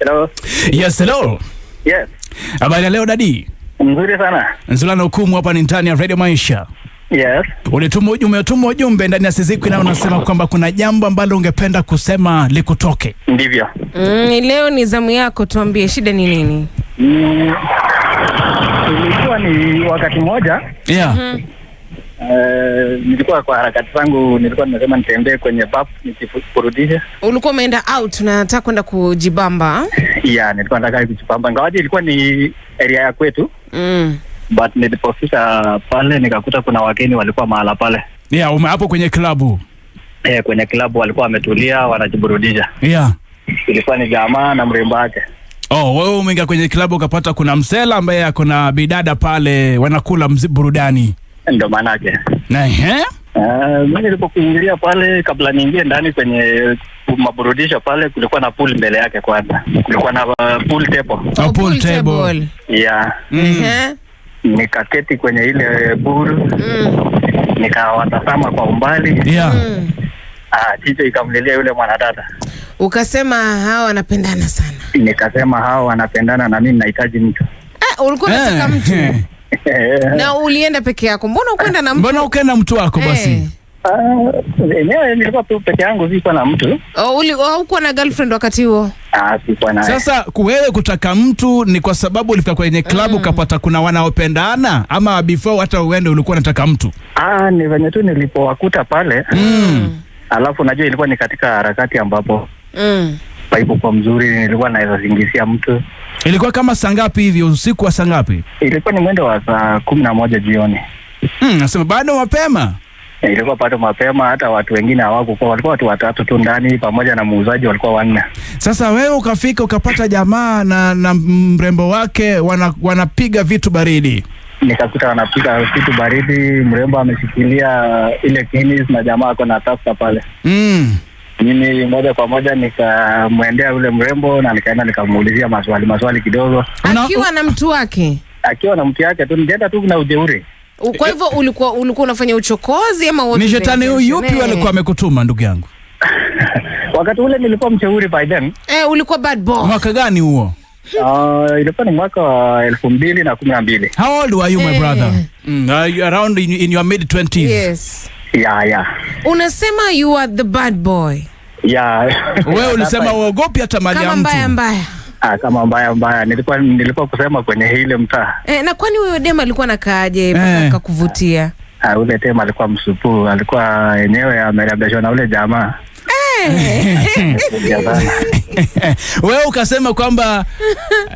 Hello. Yes, hello. Yes. Habari ya leo dadi? Mzuri sana. Nzulana Hukumu hapa ni ndani ya Radio Maisha. Yes. Ulituma ujumbe, utuma ujumbe ndani ya Sizikwi na unasema kwamba kuna jambo ambalo ungependa kusema likutoke. Ndivyo. Mm, leo ni zamu yako, tuambie shida ni nini? Mm, ilikuwa ni wakati mmoja. Yeah. Mm -hmm. Eh, nilikuwa kwa harakati zangu, nilikuwa nimesema nitembee kwenye pub nikikurudisha. Ulikuwa umeenda out na nataka kwenda kujibamba? Yeah, nilikuwa nataka kujibamba, ingawaje ilikuwa ni area ya kwetu mm. But nilipofika pale nikakuta kuna wageni walikuwa mahala pale. Yeah, ume hapo kwenye klabu eh, kwenye klabu walikuwa wametulia wanajiburudisha. Yeah, ilikuwa ni jamaa na mrembo wake. Oh, wewe umeingia kwenye klabu ukapata kuna msela ambaye ako na bidada pale wanakula burudani ndo maanake eh, mi nilipokuingilia pale, kabla niingie ndani kwenye maburudisho pale, kulikuwa na pool mbele yake. Kwanza kulikuwa na uh, pool table. Oh, pool table. Yeah. Mm. Mm-hmm. Nikaketi kwenye ile pool mm. Nikawatazama kwa umbali yeah. Mm. Ah, jicho ikamlilia yule mwanadada, ukasema hawa wanapendana sana. Nikasema hawa wanapendana na mimi ninahitaji mtu. Eh, ulikuwa unataka eh, mtu eh. na ulienda peke yako? Mbona ukwenda na mtu? Mbona ukwenda mtu wako eh. basi? Hey. Ah, enyewe nilikuwa tu peke yangu, sikuwa na mtu. Oh, oh, haukuwa na girlfriend wakati huo? Ah, sikuwa na. Sasa wewe kutaka mtu ni kwa sababu ulifika kwenye klabu mm. ukapata kuna wanaopendana ama before hata uende ulikuwa unataka mtu? Ah, ni venye tu nilipowakuta pale mm, alafu najua ilikuwa ni katika harakati ambapo mm, paipu kwa mzuri nilikuwa naweza zingisia mtu Ilikuwa kama saa ngapi hivi, usiku wa saa ngapi? Ilikuwa ni mwendo wa saa kumi na moja jioni. Mm, nasema bado mapema eh, ilikuwa pato mapema. Hata watu wengine hawakuwa, walikuwa watu watatu tu ndani, pamoja na muuzaji walikuwa wanne. Sasa wewe ukafika ukapata jamaa na na mrembo wake wana, wanapiga vitu baridi. Nikakuta wanapiga vitu baridi, mrembo ameshikilia ile kinis na jamaa ako na pale mm mimi moja kwa moja nikamwendea yule mrembo na nikaenda nikamuulizia maswali maswali kidogo, akiwa na mtu wake, akiwa na mke wake tu, nikaenda tu na ujeuri. Kwa hivyo ulikuwa ulikuwa unafanya uchokozi ama wote? Ni shetani yupi alikuwa eh. amekutuma ndugu yangu? Wakati ule nilikuwa mcheuri by then. Eh, ulikuwa bad boy. Mwaka gani huo? Uh, ilikuwa ni mwaka wa elfu mbili na kumi na mbili. How old were you my eh. brother? Mm, uh, around in, in your mid 20s. Yes yeah, yeah. Unasema you are the bad boy. Yeah. Wewe ulisema uogopi hata mali ya mtu. Kama mbaya mbaya. Ah, kama mbaya mbaya. Nilikuwa nilikuwa kusema kwenye ile mtaa. Eh, na kwani huyo dema alikuwa nakaaje mpaka eh, Ah, ule dema alikuwa msupuu, alikuwa enyewe eh, amerabishwa na ule jamaa. Eh. wewe ukasema kwamba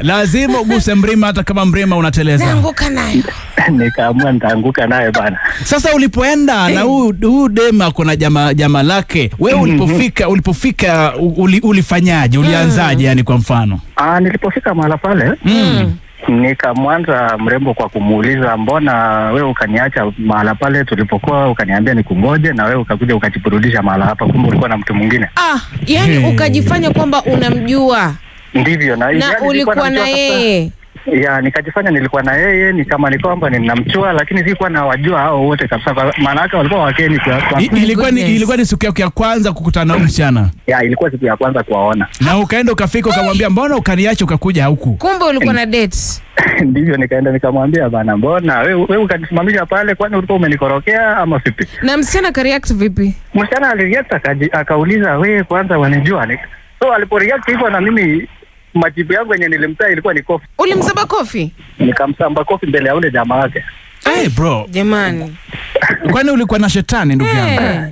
lazima uguse mrima hata kama mrima unateleza. Naanguka nayo. Nikaamua nitaanguka nayo bana. Sasa ulipoenda na huu huu dema kuna jama jama lake, wewe ulipofika ulipofika uli, ulifanyaje? Ulianzaje hmm. yani kwa mfano? Ah, nilipofika mahala pale. Mm. Nikamwanza mrembo kwa kumuuliza, mbona wewe ukaniacha mahala pale tulipokuwa, ukaniambia nikungoje, na wewe ukakuja ukajiburudisha mahala hapa, kumbe ulikuwa na mtu mwingine. Ah, yani hmm. Ukajifanya kwamba unamjua ndivyo, na, na ulikuwa na yeye ya nikajifanya nilikuwa na yeye ni kama ni kwamba ninamchua, lakini sikuwa na wajua hao wote kabisa, maana yake walikuwa wakeni kwa, kwa. Ilikuwa ni, ilikuwa ni siku yako ya kwanza kukutana na msichana ya ilikuwa siku ya kwanza kuwaona, na ukaenda ukafika ukamwambia mbona ukaniacha ukakuja huku, kumbe ulikuwa na dates Ndivyo, nikaenda nikamwambia, bana, mbona wewe we, ukanisimamisha pale, kwani ulikuwa umenikorokea ama vipi? Na msichana kareact vipi? Msichana alireact akauliza, wewe kwanza wanijua? So alipo react hivyo na mimi majibu yangu yenye nilimtaa ilikuwa ni kofi. Ulimsaba kofi? Nikamsamba kofi mbele ya ule jamaa wake. Hey, bro. Jamani. Kwani ulikuwa na shetani ndugu yangu? Hey.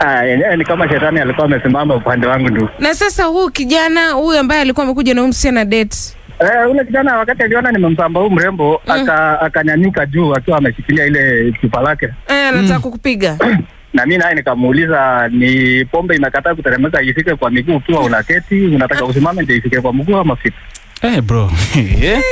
Ah, ni kama shetani alikuwa amesimama upande wangu ndugu. Na sasa huu kijana huyu ambaye alikuwa amekuja na msichana date. Eh, ule kijana wakati aliona nimemsamba huyu mrembo mm. akanyanyuka aka juu akiwa ameshikilia ile chupa lake. Eh, anataka mm. kukupiga. na mi naye nikamuuliza ni pombe inakataa kuteremeka ifike kwa miguu, ukiwa unaketi unataka usimame ndio ifike kwa mguu ama vipi? Hey eh, bro eh?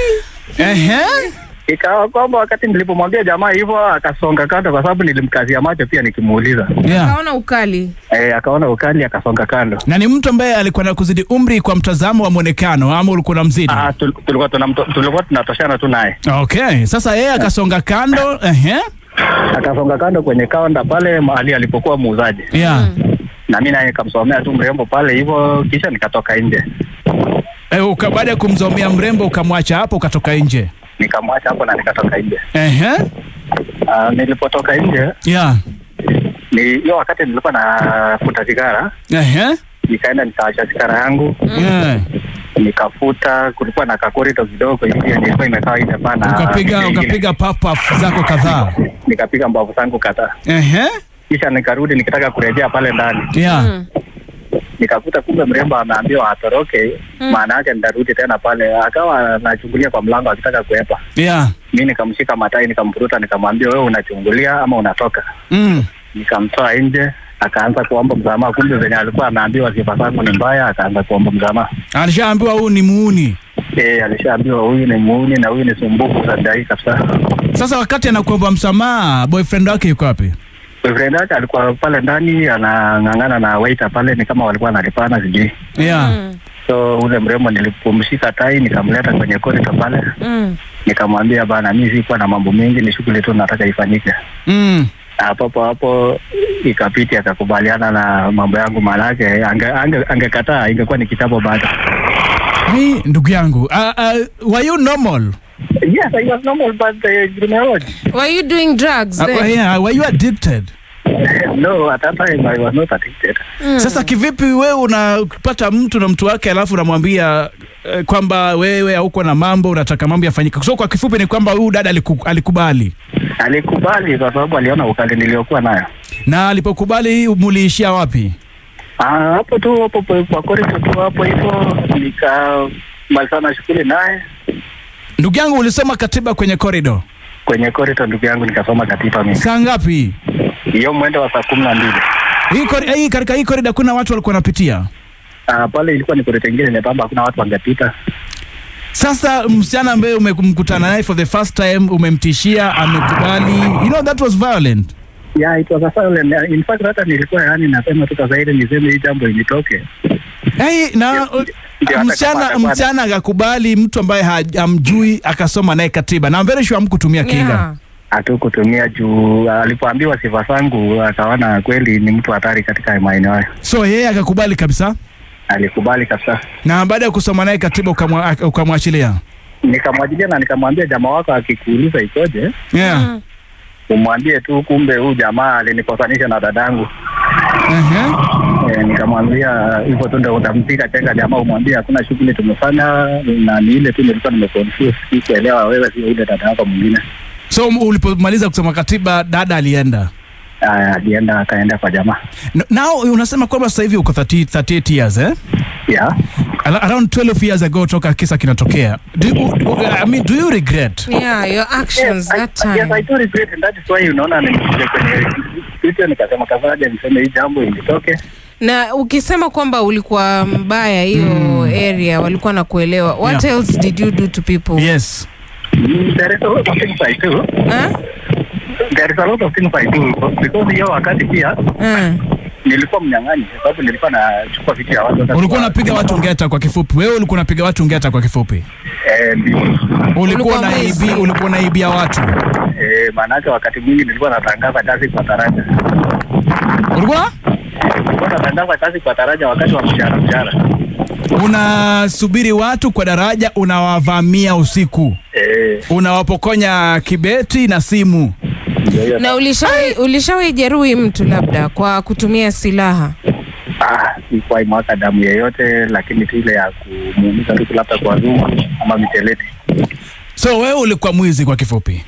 ikawa kwamba wakati nilipomwambia jamaa hivyo akasonga kando, kwa sababu nilimkazia macho pia nikimuuliza. Yeah. Akaona ukali eh, akaona ukali akasonga kando. Na ni mtu ambaye alikuwa na kuzidi umri kwa mtazamo wa mwonekano, ama ulikuwa mzidi? Ah, tulikuwa tulikuwa tunatoshana tu naye. Okay, sasa yeye akasonga kando ehe akasonga kando kwenye kaunta pale mahali alipokuwa muuzaji yeah. mm. na mi naye nikamsomea tu mrembo pale hivyo, kisha nikatoka nje. e, baada ya kumsomea mrembo ukamwacha hapo ukatoka nje? Nikamwacha hapo na nikatoka nje. uh-huh. Uh, nilipotoka nje yeah. ni hiyo wakati nilikuwa nafuta sigara. uh-huh. Nikaenda nikawacha sigara yangu yeah nikafuta, kulikuwa na kakorito kidogo hivi, nilikuwa imekaa inapana. Ukapiga ukapiga puff puff zako kadhaa? Nikapiga mbavu zangu kadhaa. Ehe, kisha nikarudi nikitaka kurejea pale ndani yeah. mm. Nikakuta kumbe mrembo ameambiwa atoroke, hmm. maana yake nitarudi tena pale. Akawa anachungulia kwa mlango akitaka kuepa yeah. Mi nikamshika matai, nikamvuruta, nikamwambia wewe unachungulia ama unatoka? mm. Nikamtoa nje akaanza kuomba msamaha, kumbe venye alikuwa anaambiwa sifa zako ni mbaya, akaanza kuomba msamaha. Alishaambiwa huyu ni muuni e, alishaambiwa huyu ni muuni na huyu ni sumbufu za dai kabisa. Sasa wakati anakuomba msamaha, boyfriend wake yuko wapi? Boyfriend wake alikuwa pale ndani anang'ang'ana na waiter pale, ni kama walikuwa analipana, sijui yeah. Mm. So ule mrembo nilipomshika tai nikamleta kwenye korito pale mm. Nikamwambia bana, mi sikuwa na mambo mengi, ni shughuli tu nataka ifanyike mm na hapo ikapiti, akakubaliana na mambo yangu, maanake angekataa ange ingekuwa ni kitambo baada. Hey, ndugu yangu uh, uh, were you normal? Yes, I was normal but uh, genealogy. Were you doing drugs uh, then? Uh, yeah, were you addicted? No, at that time I was not addicted. Mm. Sasa kivipi wewe unapata mtu na mtu wake alafu unamwambia Eh, kwamba wewe hauko na mambo, unataka mambo yafanyike. So kwa kifupi ni kwamba huyu dada aliku, alikubali alikubali kwa sababu aliona ukali niliokuwa nayo. Na alipokubali muliishia wapi? Ah, hapo tu hapo kwa korido tu hapo hivyo, nikamalizana shughuli naye. Ndugu yangu, ulisoma katiba kwenye korido? Kwenye korido, ndugu yangu, nikasoma katiba mimi. Saa ngapi? Hiyo mwendo wa saa kumi na mbili. Hii katika hii korido kuna watu walikuwa wanapitia Uh, pale ilikuwa ni kore tengine ni pamba, hakuna watu wangepita. Sasa msichana ambaye umekumkutana naye for the first time, umemtishia, amekubali. You know that was violent. Yeah, it was a violent. In fact hata nilikuwa yani nasema tu sasa ile niseme hii jambo ilitoke. Hey, na uh, msichana msichana akakubali, mtu ambaye hamjui akasoma naye katiba, na I'm very sure hamkutumia kinga yeah. Hatukutumia juu alipoambiwa sifa zangu akaona kweli ni mtu hatari katika maeneo hayo, so yeye akakubali kabisa alikubali kabisa. Na baada ya kusoma naye katiba ukamwachilia? Nikamwachilia na nikamwambia, jamaa wako akikuuliza ikoje, yeah. Mm-hmm. umwambie tu, kumbe huyu jamaa alinikosanisha na dadangu. Uh-huh. E, nikamwambia hivyo tu ndo utampiga chenga jamaa, umwambie hakuna shughuli tumefanya, na ni ile tu nilikuwa nimeconfuse, sikuelewa wewe sio ule dada yako mwingine. So ulipomaliza kusoma katiba, dada alienda? uh, akaenda kwa jamaa nao. Unasema kwamba sasa hivi uko 38 years eh? Yeah. Around 12 years ago toka kisa kinatokea. Do you, do, I mean, do you regret? Yeah, your actions yes, that I, time. Yes, I do regret and that is why unaona nimekuja kwenye kitu nikasema kazaja niseme hii jambo ilitoke. Na ukisema kwamba ulikuwa mbaya hiyo mm. area walikuwa na kuelewa. What yeah. else did you do to people? Yes. Mm, there is nothing I do. Huh? there is a lot of things I do because hiyo wakati pia mm. Nilikuwa mnyang'anyi sababu nilikuwa nachukua vitu ya watu. Ulikuwa unapiga watu ngeta kwa kifupi? Wewe ulikuwa unapiga watu ngeta kwa kifupi? Eh, ulikuwa unaibi, ulikuwa unaibia watu. Eh, maanake wakati mwingi nilikuwa natangaza kazi kwa taraja. Ulikuwa? ulikuwa natangaza kazi kwa taraja wakati wa mshahara mshahara. Unasubiri watu kwa daraja, unawavamia usiku. Eh. Unawapokonya kibeti na simu. Na ulishawai ulishawai jeruhi mtu labda kwa kutumia silaha? Ah, sikuwahi mwaka damu yeyote, lakini tu ile ya kumuumiza mtu labda kwa zuma ama miteleti. So wewe ulikuwa mwizi kwa kifupi?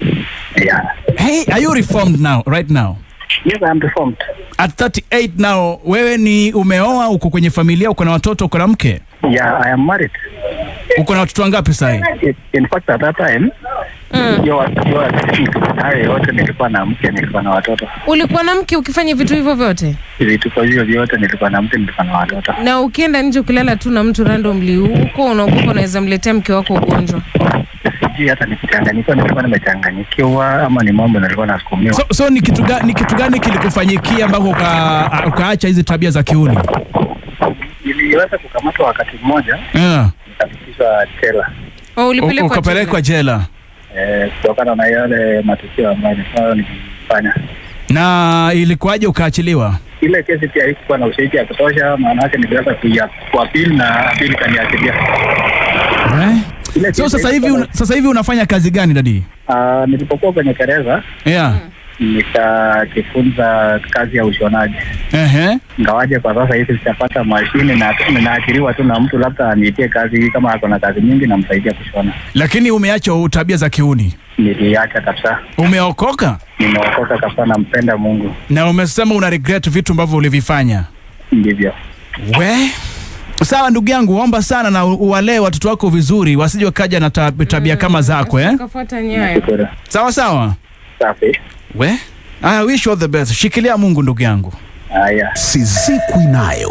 Yeah. Hey, are you reformed now, right now? Yes, I am reformed. At 38 now, wewe ni umeoa, uko kwenye familia, uko na watoto, uko na mke? Yeah, I am married. Eh, uko na watoto wangapi sasa hivi? Eh, in fact at that time mm. hayo yote nilikuwa na mke, nilikuwa na watoto. Ulikuwa na mke ukifanya vitu hivyo vyote? Vitu hivyo vyote nilikuwa na mke, nilikuwa na watoto. Na ukienda nje ukilala tu na mtu randomly, huko unaogopa unaweza mletea mke wako ugonjwa? Sijui hata nikichanganyikiwa, nilikuwa nimechanganyikiwa ama ni mambo nilikuwa nasukumiwa. So, so ni kitu gani, ni kitu gani kilikufanyikia ambako ukaacha hizi tabia za kiuni? Niliweza kukamatwa wakati mmoja, yeah nilipelekwa jela. Oh, ukapelekwa jela eh, kutokana na yale matukio ambayo nilikuwa nikifanya. Na ilikuwaje ukaachiliwa? Ile kesi pia ikuwa na ushahidi ya kutosha, maana yake niliweza kuja kwa pili na pili kaniachilia. Eh? So sasa hivi una, sasa hivi unafanya kazi gani dadi? Ah, nilipokuwa kwenye gereza. Yeah. Mm nikajifunza kazi ya ushonaji uh-huh. Ngawaje kwa sasa hivi sitapata mashine na ninaajiriwa tu na mtu, labda aniitie kazi hii, kama ako na kazi nyingi namsaidia kushona. Lakini umeacha tabia za kiuni? Niliacha kabisa. Umeokoka? Nimeokoka kabisa, nampenda Mungu. Na umesema una regret vitu ambavyo ulivifanya? Ndivyo. We Sawa ndugu yangu, omba sana na uwalee watoto wako vizuri, wasije wakaja na tabia kama zako eh? Sawa sawa. Safi. We? I wish you all the best. Shikilia Mungu ndugu yangu. Haya. Sizikwi nayo.